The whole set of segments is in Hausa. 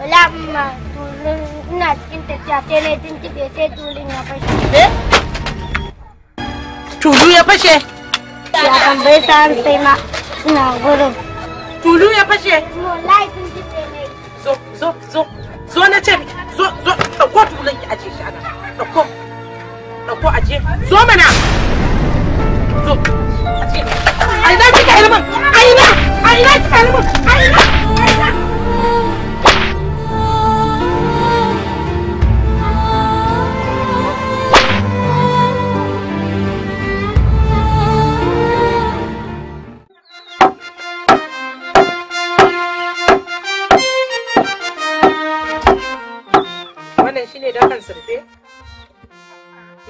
Wala amma cikin tafiya sai na tuntuɓe Tulu ya fashe? Tulu ya fashe? Zo, zo, zo, na ce miki, zo, zo, ɗauko aje shi ana, ɗauko, aje, zo mana. aje, a ina kika ilimin, a a ina ki sami mun a ina a ina wannan shine dakan surfe?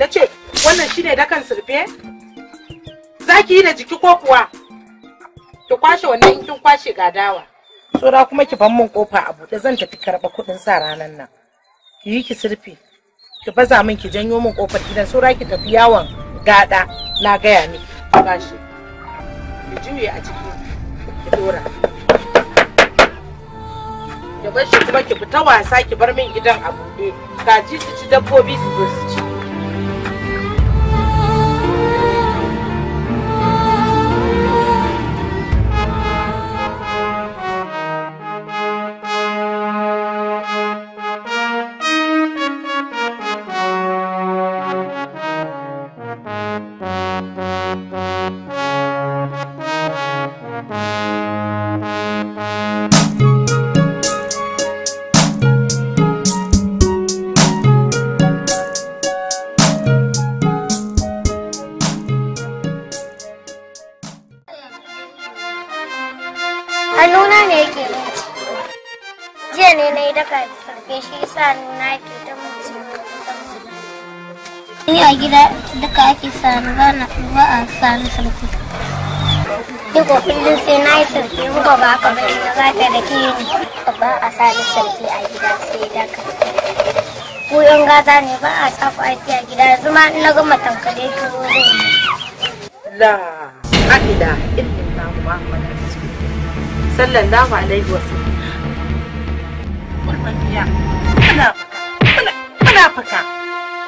Na ce, wannan shine dakan surfe? Za ki yi da jiki ko kuwa? ki kwashe wannan in kin kwashe Gadawa. Sura tsora kuma ki ban min kofa a buɗe zan tafi karɓa kuɗin sa ranan nan ki yi ki sirfi ki baza min ki janyo min kofar gidan tsora ki tafi yawon gada na gaya miki gashi ki juye a ciki ki dora ki bar shi kuma ki fita wasa ki bar min gidan a buɗe kaji su ci dabbobi su zo su ci sa ki sauke shi yasa nuna ke ta mace ni a gida duka ake sani ba ba a ni sai na yi sarki in na za ta da ke a sani sarki a gida sai da gaza ne ba a a gida yanzu ma na gama tankare ki alaihi wasallam kwalliya muna fuka muna fuka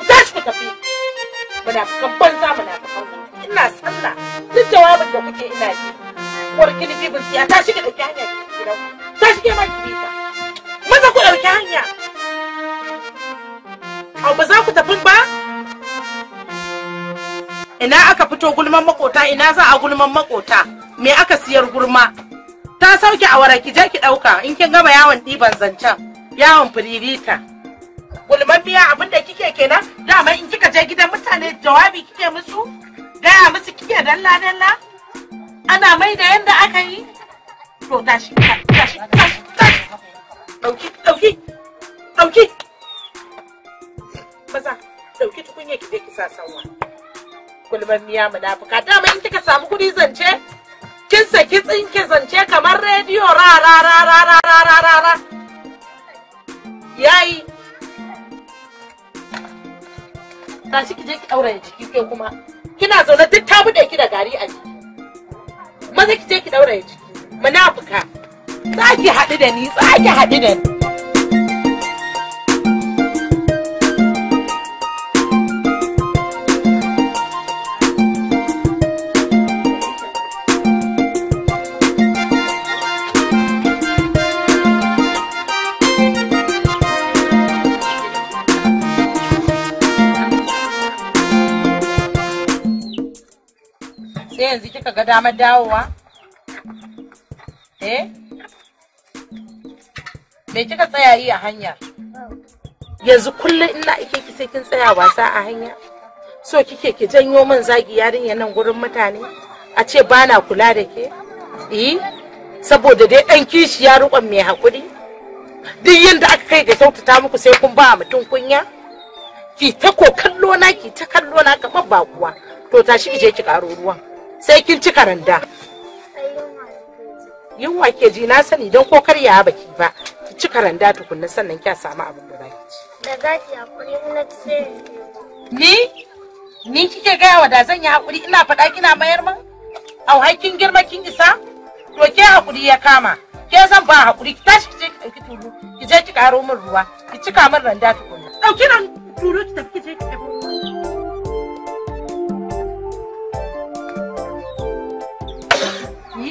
za shi fuka fi muna fukan banza muna fukan ina sallah duk jawabin da kuke ina ji uwar kini bibin siya ta shige da hanya gidan ta shige ma ki bita maza ku ɗauki hanya au ba za ku tafi ba ina aka fito gulman makota ina za a gulman makota me aka siyar gurma ta sauke a wara ki je ki ɗauka in kin gama yawon ɗiban zancen yawon firirita gulmabiya abin da kike kenan dama in kika je gidan mutane jawabi kike musu gaya musu kike dalla dalla ana mai da yanda aka yi to tashi tashi tashi tashi dauki dauki dauki maza dauki tukunya ki je ki sa sanwa gulman miya munafuka dama in kika samu kudi zance kin saki tsinke zance kamar rediyo ra ra ra ra ra ra ra yayi tashi ki je ki daura jiki ke kuma kina zaune duk ta bude ki da gari a jiki maza ki je ki daura jiki munafuka za ki haɗu da ni za ki haɗu da ni damar dawowa? Eh? Me kika tsaya yi a hanya? Yanzu kullum ina ike ki sai kin tsaya wasa a hanya? So kike ki janyo min zagi yarinya nan gurin mutane? A ce bana kula da ke? Eh? Saboda dai ɗan kishi ya riƙon mai haƙuri? Duk yadda aka kai ga kyautata muku sai kun ba mutum kunya? Ki ta ko kallo na ki ta kallo na kamar ba kuwa. To tashi ki je ki ƙaro ruwan. sai kin ci karanda Yin wake ji na sani don ko karya baki ba ki ci karanda tukunna sannan kya samu abin da zaki ci da zaki hakuri na ce ni ni kike gaya wa da zan yi hakuri ina faɗa kina mayar man au hai kin girma kin isa to ke hakuri ya kama ke zan ba hakuri ki tashi ki je ki ɗauki tulu ki je ki ƙaro min ruwa ki cika min randa tukunna ɗauki nan tulu ki tafi ki je ki ɗauki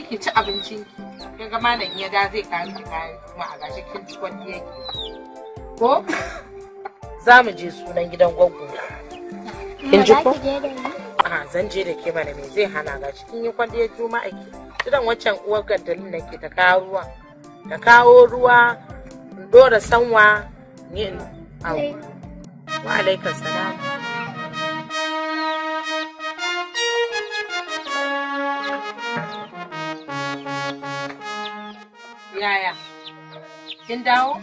ki ci abincin ki kin ga malam ya da zai kawo ki kayan a gashi kin ci wani yake ko za mu je sunan gidan gwaggo kin ji ko a ah, zan je da ke mana me zai hana ga cikin yi kwalli juma'a ki gidan waccan uwar gaddalin nake ta kawo ruwa ta kawo ruwa dora sanwa ni in wa alaikum salam kin dawo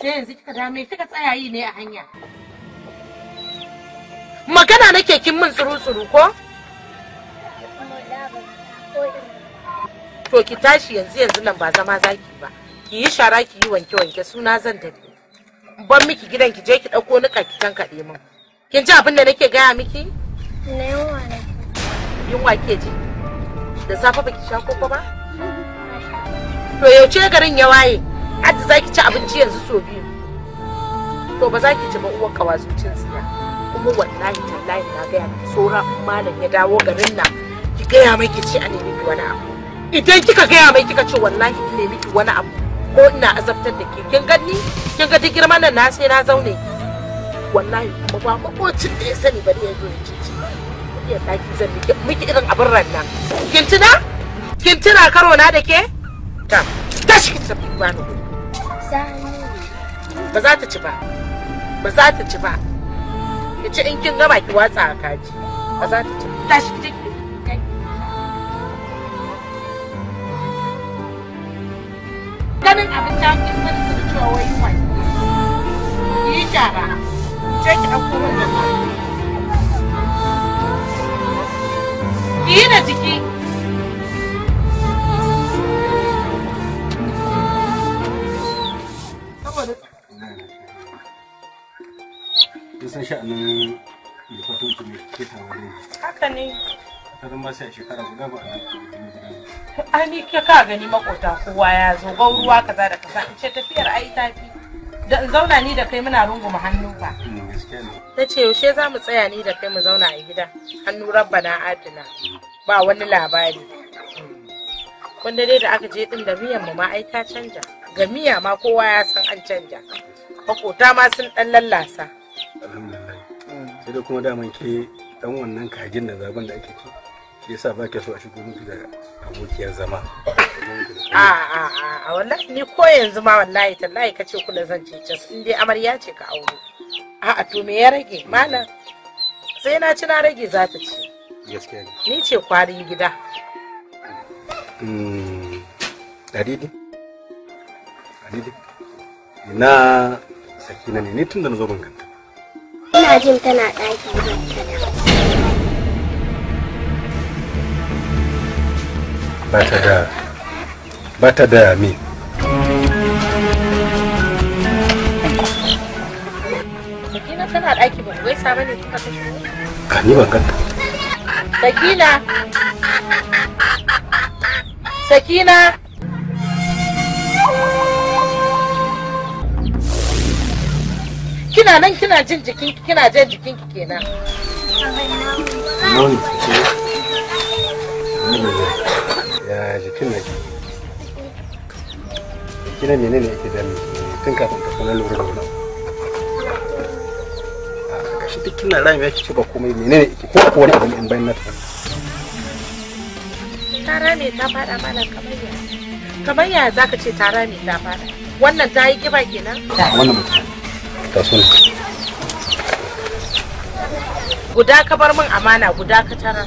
sai yanzu kika me kika tsaya yi ne a hanya magana nake kin min tsuru tsuru ko to ki tashi yanzu yanzu nan ba zama zaki ba ki yi shara ki yi wanke wanke suna zan dade. ban miki gidan ki je ki dauko nika ki tankaɗe min kin ji abin da nake gaya miki na yunwa ne yunwa ke ji da safe baki sha koko ba to yaushe garin ya waye hadda za ki ci abinci yanzu so biyu to ba za ki ci ba uwar kawazucin tsiya kuma wallahi tallahi na gaya miki tsoron malam ya dawo garin nan ki gaya mai ki ci a nemi ki wani abu idan kika gaya mai kika ce wallahi ki nemi ki wani abu ko ina azabtar da ke kin gani kin ga duk girman nan na sai na zaune wallahi kuma ba makocin da ya sani bari ya zo ya ci ci ya zan miki irin abin ran nan kin tuna kin tuna karo na da ke ta tashi ki tafi ba ni guri ba za ta ci ba ba za ta ci ba ki ci in kin gama ki watsa a kaji ba za ta ci tashi ki tafi ganin abin ta kin sani su cewa wai yunwa yi shara ce ki ɗauko wannan ki yi na jiki ba sai shekara guda ba ai ni ke ka gani makota kowa ya zo gauruwa kaza da kaza in ce tafiyar ai fi, da in zauna ni da kai muna runguma hannu ba mm, ta ce yaushe za mu tsaya ni da kai mu zauna a gida hannu rabba na adina ba wani labari mm. wanda dai da aka je din da miyan mu ma ai ta canja ga miya ma kowa ya san an canja makota ma sun dan lallasa alhamdulillah sai da kuma daman ke dan wannan kajin da zaben da ake ci ke yasa ba ke so a shigo miki da abokiyar zama a a a wallahi ni ko yanzu ma wallahi tallahi kace da zan ce cas in dai amarya ce ka aure a a to me ya rage malam sai na ci na rage za ta ci gaskiya ne ni ce kwarin gida hmm, Adidi? Adidi? Ina sakina ne ni tun da na zo ban ganta. Ina jin tana ɗaki ne ba ta da ba da mi Sakina tana ɗaki ba wai saba ne kika kashe ka ni ban ganta Sakina Sakina kina nan kina jin jikin kina jin jikin ki kenan Mami, ya jikin nake kina menene yake da tun kafin ka sanar lura da wani gashi ah, duk kina rami yake ce ba komai menene yake ko akwai wani abu in bayan na tafi tara ne ta fada mana kamar ya kamar ya zaka ce tara ne ta fada wannan ta yi kiba kenan wannan mutum ta so guda ka bar min amana guda ka tara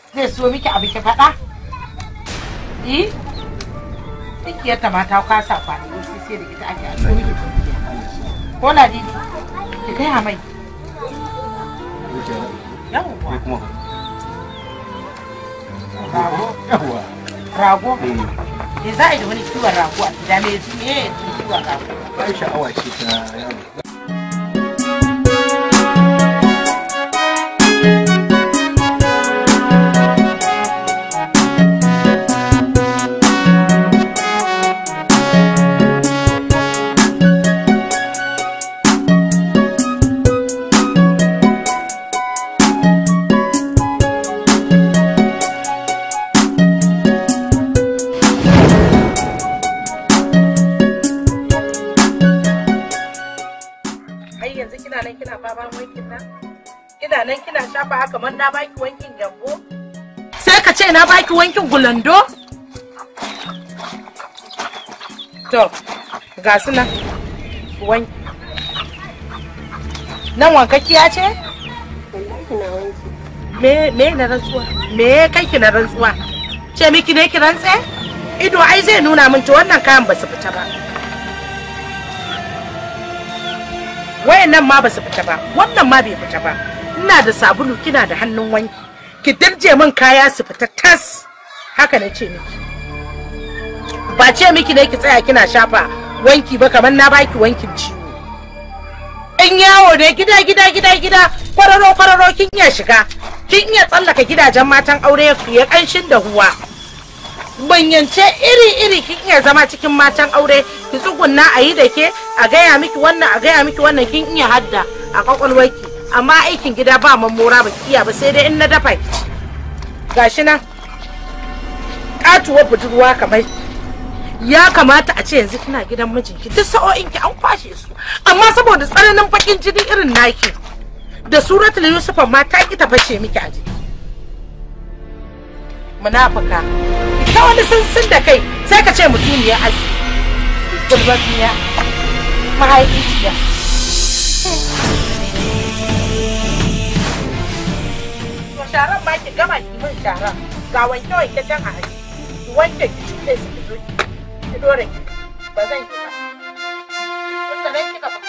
zai so miki abu ki faɗa? Eh? Dukiyar yadda mata kwasa kwanaki sai sai da ita ake a Ko na didi? Ki gaya mai. Yawwa. Rago. Yawwa. Rago. Eh, za a yi da wani kiwon rago a gida me kiwon rago? Ba sha'awa ce ta yanzu kina nan kina faman wankin nan kina nan kina shafa haka man na baki wankin gambo sai ka ce na baki wankin gulando to ga su nan wanki nan ya ce me me na rantsuwa me kai ki na rantsuwa ce miki ne ki rantse ido ai zai nuna min to wannan kayan ba su fita ba nan ma ba su fita ba wannan ma bai fita ba ina da sabulu kina da hannun wanki ki dirje min kaya su fita tas haka na ce miki ba ce miki ne ki tsaya kina shafa wanki ba kamar na baki wankin ciwo in yawo ne gida gida gida gida kwararo kwararo kin ya shiga kin ya tsallaka gidajen matan aure ya kanshin da huwa banyance iri-iri kin iya zama cikin matan aure ki tsugunna a yi da ke a gaya miki wannan a gaya miki wannan kin iya hadda a kwakwalwarki amma aikin gida ba mamora ba ki iya ba sai dai in na dafa ki gashi nan katuwar budurwa kamar ya kamata a ce yanzu kina gidan mijinki duk sa'o'in ki an kwashe su amma saboda tsananin bakin jini irin naki da suratul yusufan ma ta ki ta miki a jiki munafuka ta wani sun da kai sai ka ce mutumiyar arziki gulbabiya mahaificiya to sharan ma ki gama ki min sharan ga wanke wanke can a hannu ki wanke ki cuɗe su ki zo ki dore ki ba zan yi ba. Wata kika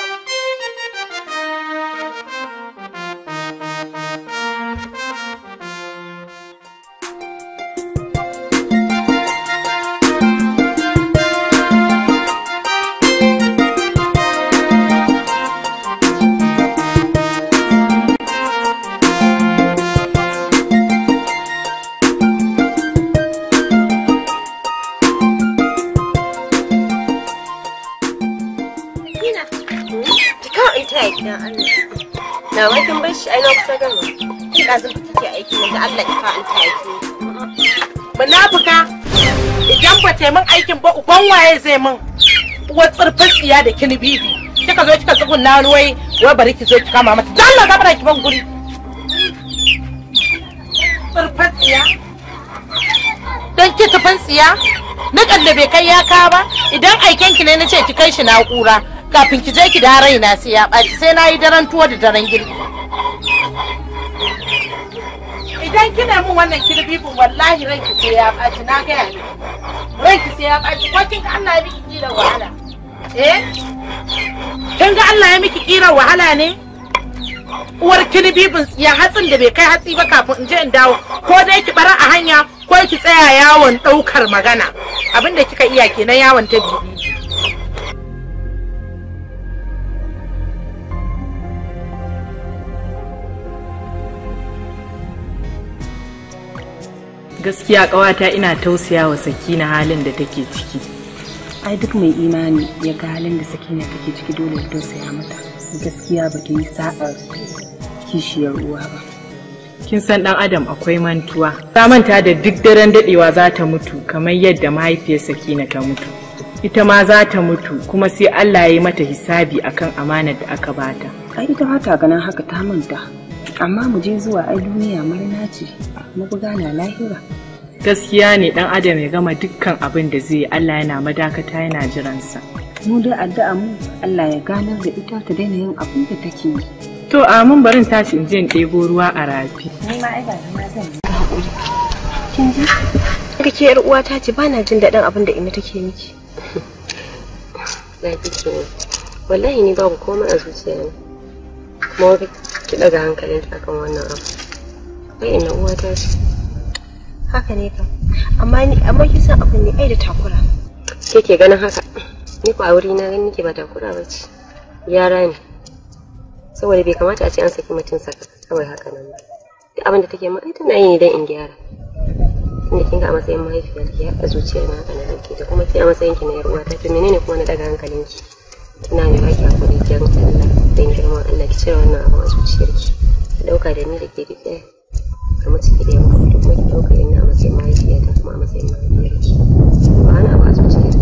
dan waye zai min uwar tsirfin tsiya da kini bibi kika zo kika tsugun na ruwai wai bari ki zo ki kama mata dan Allah gabara ki ban guri tsirfin tsiya dan ki tufin tsiya na kalle bai kai ya ka ba idan aiken ki ne na ce ki kai shi na'ura kafin ki je ki da raina sai ya ɓaci sai na yi daren tuwo da daren girki idan kina mun wannan kirbibin wallahi ranki sai ya ɓaci na gaya ranki sai ya ko kin ga Allah ya miki kira wahala eh kin ga Allah ya miki kira wahala ne uwar kini bibin ya hatsin da bai kai hatsi ba kafin in je in dawo ko dai ki bara a hanya ko ki tsaya yawon ɗaukar magana abinda kika iya kenan yawon ta bibi gaskiya kawata ina tausaya wa sakina halin da take ciki ai duk mai imani ya ga halin da sakina take ciki dole ya tausaya mata gaskiya ba ta yi sa'ar kishiyar uwa ba kin san dan adam akwai mantuwa ta manta da duk daren dadewa za ta mutu kamar yadda mahaifiyar sakina ta mutu ita ma za ta mutu kuma sai Allah ya yi mata hisabi akan amanar da aka bata ai ita ganin haka ta manta amma mu je zuwa ai duniya murna ce mabuga na lahira gaskiya ne dan adam ya gama dukkan abin da zai Allah yana madakata yana jiransa mu da addu'a mu Allah ya ganar da ita ta daina yin abin da take yi to amin barin tashi in je in ɗebo ruwa a rafi ni ma ai ba na zan yi hakuri kin ji kake yar ta ce na jin daɗin abin da ina take miki na kike wallahi ni babu komai a zuciyana kuma ki daga ta kan wannan abu ai ina uwata ce haka ne ka, amma ni amma ki san abin ne ai da takura ke ke ganin haka ni ko a wuri na ganin ke ba takura ba ce yara ne saboda bai kamata a ce an saki mutum saka kawai haka nan ba duk abin da take ma ai tana yi ne dan in gyara tunda kin ga a matsayin mahaifiyar ki a zuciyar na haka na ke da kuma ki a matsayin ki na yar uwata ce menene kuma na daga ki? ina ne ba ki hakuri ki Allah don girma Allah ki cire wannan abu a zuciyarki ki dauka da ni da ke duk ɗaya da mace ki da yanka duk kuma ki dauka da ni a matsayin mahaifiya da kuma a matsayin mahaifiyarki ba ana a zuciyarki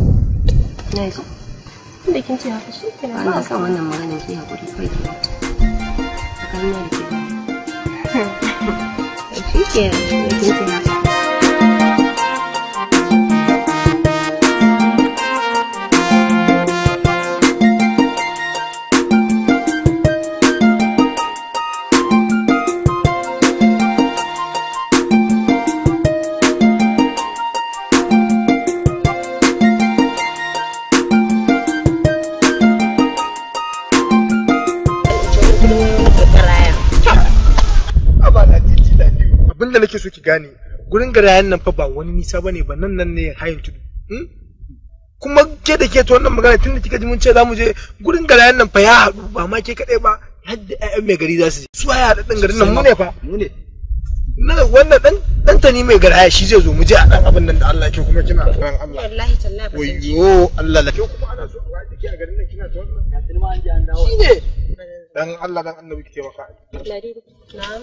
na ji inda kin ce haka shi ke na sa wannan maganin ki haƙuri kai ke ba a kan tsakanin da ke ba shi ke kin ce haka gane gurin garayen nan fa ba wani nisa ne ba nan nan ne hayin tudu hmm? kuma ke da ke ta wannan magana tun da kika ji mun ce za mu je gurin garayen nan fa ya haɗu ba ma ke kaɗai ba hadda ƴaƴan mai gari za su je su da haɗa garin nan mu ne fa mu ne na wannan dan dan tani mai garaya shi zai zo mu je a dan abin nan da Allah ke kuma kina ran Allah wallahi tallahi ba yo Allah lafiya kuma ana so a waje a garin nan kina ta wannan ya tilma an je an dawo ne dan Allah dan annabi kike maka na'am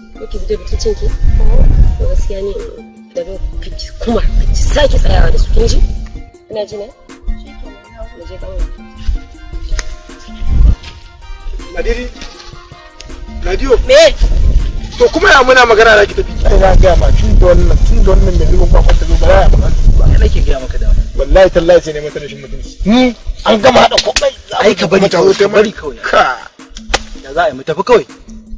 Kake bi da mutuncin ki? To gaskiya ne da ba kuma ki sake tsayawa da su kin ji? Ina ji na? Mu je kawai. Madiri. Radio. Me? To kuma ya muna magana da ki tafi. Ai na ga ma tun da wannan tun da wannan mai rubun kwakwa ta ba ya ba. Ba nake ga maka da. Wallahi tallahi sai ne mata rashin mutunci. Ni an gama hada komai. Ai ka bari Ka bari kawai. Ka. Da za a yi mu tafi kawai.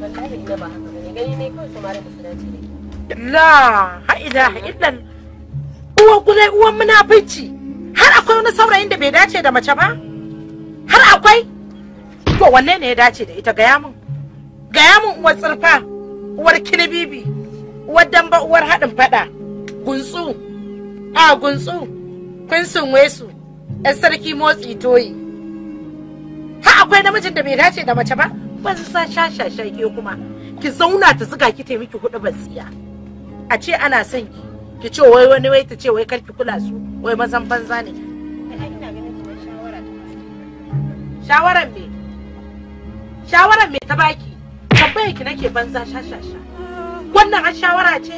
wallahi ina ba haka bane la ha ilaha uwan kuzai uwan munafici har akwai wani saurayin da bai dace da mace ba har akwai to wanne ne ya dace da ita gaya mun gaya mun uwar tsirfa uwar kilibibi uwar damba uwar haɗin faɗa guntsu a guntsu kunsun wesu yan sarki motsi toyi Har akwai namijin da bai dace da mace ba sa shashasha ke kuma ki zauna ta zuga ki taimaki hudu batsiya a ce ana son ki ki ce wai wani wai ta ce wai kar ki kula su wai mazan banza ne shawaran me shawaran me ta baki tabbai ki nake banza shashasha wannan har shawara ce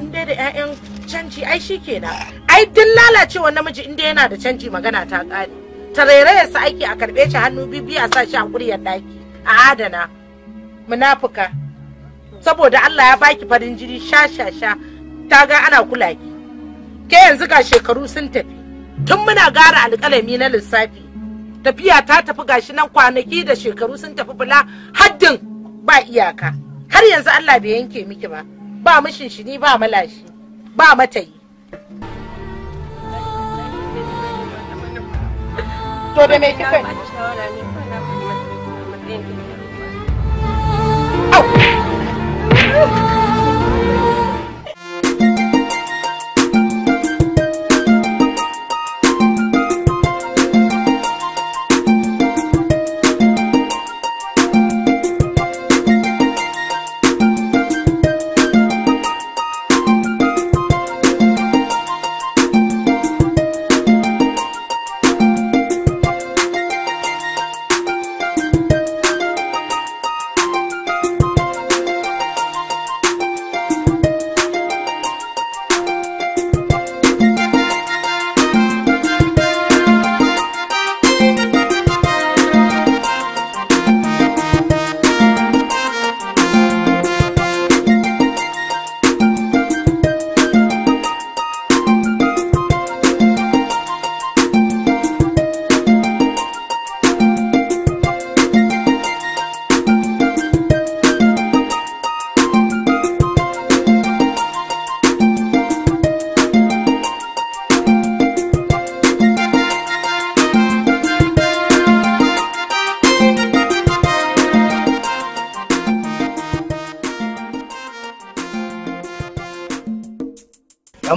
in dai da 'ya'yan canji ai shi kenan ai duk lalacewa namiji in dai yana da canji magana ta ƙare tarairayar sa aiki a karbe shi hannu bibi a sa shi a kuryar daki a adana munafuka saboda Allah ya baki farin jini sha sha sha ta ga ana kula ki ke yanzu ga shekaru sun tafi tun muna gara alƙalami na lissafi tafiya ta tafi gashi nan kwanaki da shekaru sun tafi bula haddin ba iyaka har yanzu Allah bai yanke miki ba ba mishin shi ni ba malashi ba matayi 这边没机会。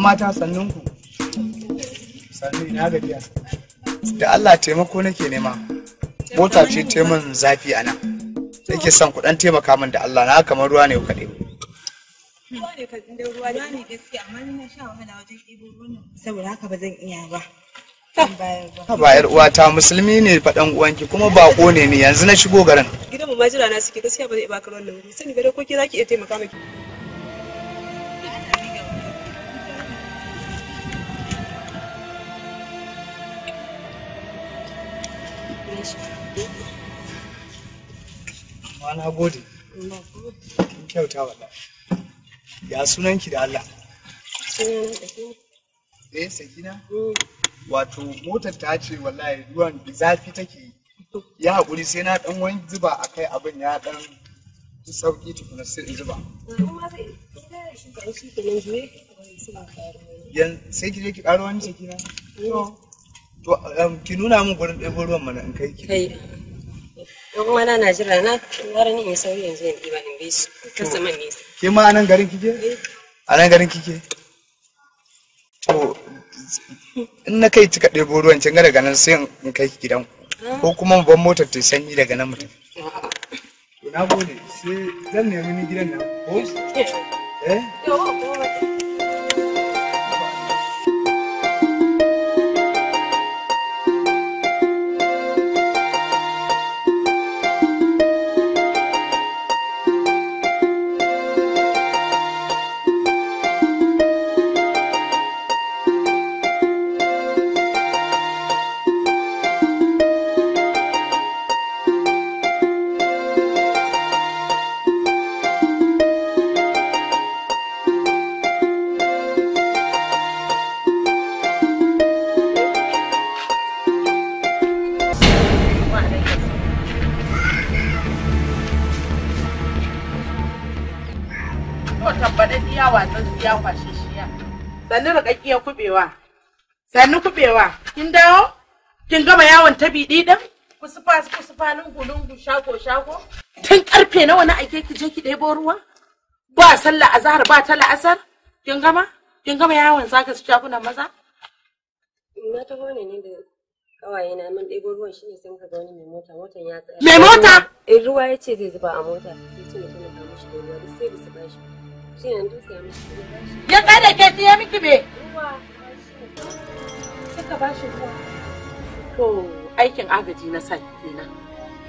mata sannun ku sannu ina gajiya da Allah taimako nake nema mota ce ta min zafi a nan sai ke son kuɗan taimaka min da Allah na kamar ruwa ne kaɗai saboda haka ba zan iya ba bayar uwa ta musulmi ne faɗan uwanki kuma bako ne ni yanzu na shigo garin gidan mu majira na suke gaskiya ba zai baka wannan nan sani ga ko ki zaki iya taimaka miki amma na gode kin kyauta wala ya sunan ki da Allah eh sakina wato motar ta ce wallahi ruwan zafi take yi ya haƙuri sai na ɗan wani zuba a kai abin ya ɗan sauƙi tukuna sai zuba. zuba. Sai ki je ki ƙaro wani sakina? Eh. To, um, ki nuna min gurin ɗaya ruwan mana in kai ki. yan uwa na jira na wara ne in sauri yanzu in ɗiba in bi su kasaman ne ke ma a nan garin kike eh. a nan garin kike to in na kai cika ɗebo ruwan can daga nan sai in kai gidan ah. ko kuma ban motar ta sanyi daga nan mutum ah. to na gode sai zan nemi ni gidan nan ko eh, eh? tambaɗaɗɗiya watsatsiya kwashashiya. Sannu riƙaƙƙiya kubewa Sannu kubewa Kin dawo? Kin gama yawon tabi ɗin? Kusufa kusufa lungu lungu shago shago. Tun karfe nawa na ake ki je ki ɗebo ruwa? Ba sallah azahar ba ta la'asar? Kin gama? Kin gama yawon zaga su shagunan maza? Na ta ne ne da kawaye na mun ɗebo ruwan shi ne sai muka ga wani mai mota motan ya tsaya. Mai mota? In eh, ruwa ya ce zai zuba a mota sai ce mutum ya kawo shi da ruwa sai da su bashi. Ya kai da ke siya miki me? ba shi To aikin agaji na san kenan.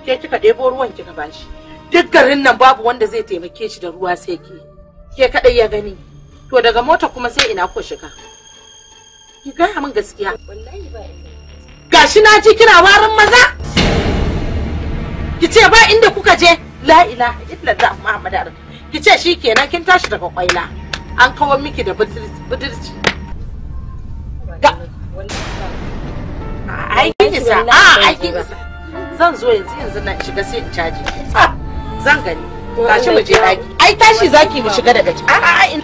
Ke kika ɗebo ruwan kika ba shi. Duk garin nan babu wanda zai taimake shi da ruwa sai ke. Ke kaɗai ya gani. To daga mota kuma sai ina ko shiga. Ki gaya min gaskiya. Gashi na ji kina warin maza. Ki ce ba inda kuka je. La ilaha illallah Muhammadu ki ce shi kenan kin tashi daga kwaila an kawo miki da budurci aikin isa a aikin isa zan zo yanzu yanzu na shiga sai in caji zan gani tashi mu je daki ai tashi zaki mu shiga daga ciki a in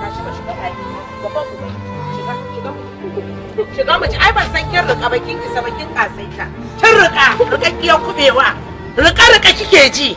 tashi mu shiga daki shiga mu ai ban san kin rika ba kin isa ba kin kasaita kin rika rikakkiyar kubewa rika rika kike ji